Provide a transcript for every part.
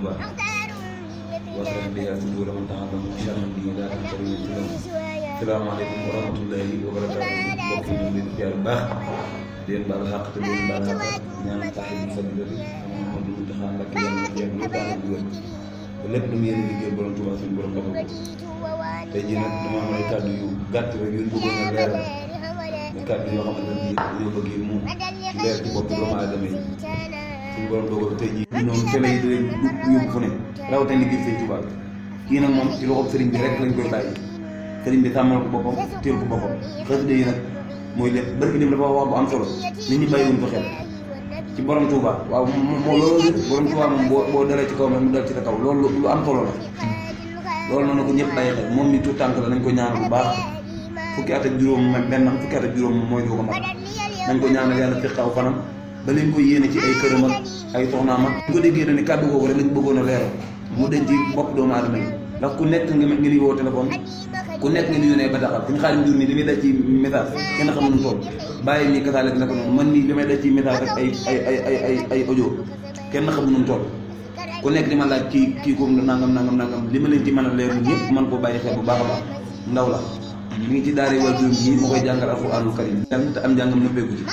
الجمعة واصلا بها صدورهم تعلموا شرهم به لا تنكروا لهم السلام عليكم ورحمة الله وبركاته mbokk yi ñu ngi leen jaar baax di leen baal xàq te leen baal xàq ñaan tax yi sa bi xam mu taxaan ak yàlla yàlla lu baax ak wér lépp lu mu yéen liggéey borom Tuubaa suñu borom dafa ko tey jii nag dama am ay kàddu yu gàtt rek yu bëggoon a leeral kàddu yoo xamante ne bii dañoo bëgg mu leer ci bopp doomu aadama yi suñu borom dogal tey jii ñoom télé yi dinañ dugg yóbbu fu ne moom ci loxob sëriñ bi rek lañ koy bàyyi sëriñ bi tàmmal ko boppam téel ko boppam xasida yi nag mooy lépp barki dem dafa wax bu am solo nit ñi bàyyiwuñ ko xel ci borom Touba waaw moo loolu borom Touba moom boo boo dalee ci kaw ma mu dal ci sa kaw loolu lu am solo la loolu noonu ko ñëpp bàyyi xel moom mi tout tànk la nañ ko ñaan bu baax fukki at ak juróom benn am fukki at ak juróom mooy doo ko mat nañ ko ñaanal yàlla fiqaw fanam da leen koy yéene ci ay këram ak ay soxnaam ak bu ko déggee dañu ne kàddu googu rek lañ bëggoon a leeral mu denc bopp doomu aadama yi ndax ku nekk nga ngi woo téléphone ku nekk nga nuyu ba taxaw suñu xaalim jur nii li muy daj ci message kenn xamul nu toll bàyyi nii kasaale dina ko noonu man nii li may ci message ak ay ay ay ay ojo ay audio kenn xamul nu toll ku nekk di ma laaj kii kii koom la nangam nangam nangam li ma leen ci mën a leeru ñëpp man koo bàyyi xel bu baax baax ndaw la mi ngi ci daara waajur yi ma koy jàngal alxuraanul karim te am njàngam nëbbeeku ci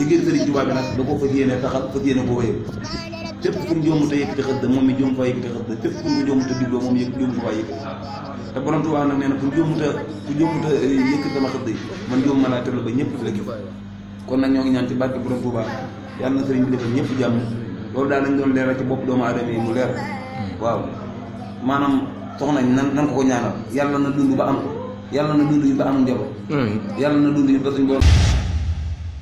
liggéey sëriñ Tuubaa bi nag da ko fas yéene taxal fas yéene ko wéyal fépp fu ñu joomu te yëkkati xëdd moom mi joom fa yëkkati xëdd fépp fu ñu joomu te digloo moom yëg joomu fa yëkkati te borom Tuubaa nag nee fu joomu te fu joomu te eh, yëkkati sama xëdd yi man joom mën naa tëral ba ñëpp fi la gis kon nag ñoo ngi ñaan ci barke borom Tuubaa yàlla na sëriñ bi defal ñëpp jàmm loolu daal lañ doon leeral ci bopp doomu aadama yi mu leer waaw maanaam soxnañ nan nan ko ko ñaanal yàlla na dund ba am yàlla na dund yi ba am njaboot yàlla na dund yi ba